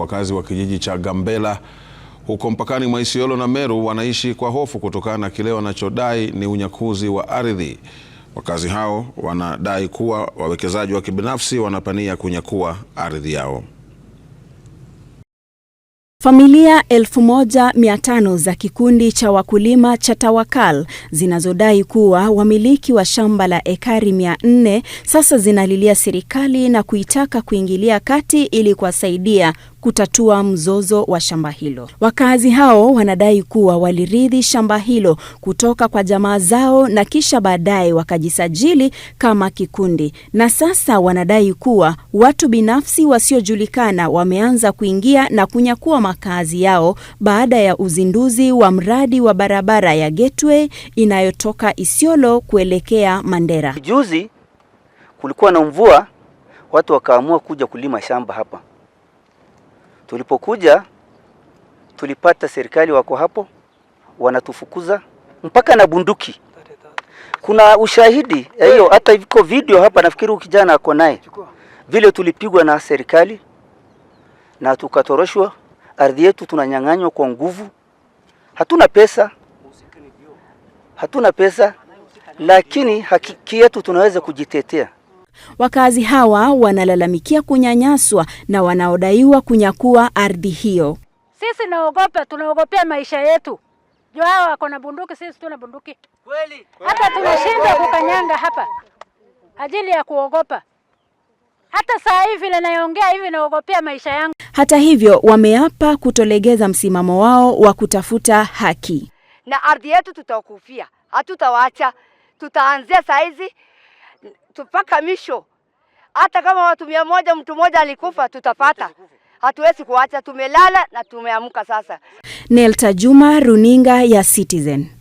wakazi wa kijiji cha Gambela huko mpakani mwa Isiolo na Meru wanaishi kwa hofu kutokana na kile wanachodai ni unyakuzi wa ardhi. Wakazi hao wanadai kuwa wawekezaji wa kibinafsi wanapania kunyakua ardhi yao. Familia 1500 za kikundi cha wakulima cha Tawakal zinazodai kuwa wamiliki wa shamba la ekari 400 sasa zinalilia serikali na kuitaka kuingilia kati ili kuwasaidia kutatua mzozo wa shamba hilo. Wakazi hao wanadai kuwa walirithi shamba hilo kutoka kwa jamaa zao na kisha baadaye wakajisajili kama kikundi, na sasa wanadai kuwa watu binafsi wasiojulikana wameanza kuingia na kunyakua makazi yao baada ya uzinduzi wa mradi wa barabara ya Gateway inayotoka Isiolo kuelekea Mandera. Juzi kulikuwa na mvua, watu wakaamua kuja kulima shamba hapa Tulipokuja tulipata serikali wako hapo wanatufukuza mpaka na bunduki. Kuna ushahidi eh, hiyo, hata iko video hapa, nafikiri kijana ako naye, vile tulipigwa na serikali na tukatoroshwa ardhi yetu, tunanyang'anywa kwa nguvu. Hatuna pesa, hatuna pesa, lakini haki yetu tunaweza kujitetea. Wakazi hawa wanalalamikia kunyanyaswa na wanaodaiwa kunyakua ardhi hiyo. Sisi naogopa, tunaogopea maisha yetu juu hawa wako na bunduki, sisi tuna bunduki kweli? Hata tunashindwa kukanyanga hapa ajili ya kuogopa. Hata saa hivi vile naongea hivi naogopea maisha yangu. Hata hivyo, wameapa kutolegeza msimamo wao wa kutafuta haki. Na ardhi yetu tutakufia, hatutawacha tutaanzia saa hizi mpaka misho. Hata kama watu mia moja mtu mmoja alikufa, tutapata hatuwezi kuacha. Tumelala na tumeamka sasa. Nelta Juma, runinga ya Citizen.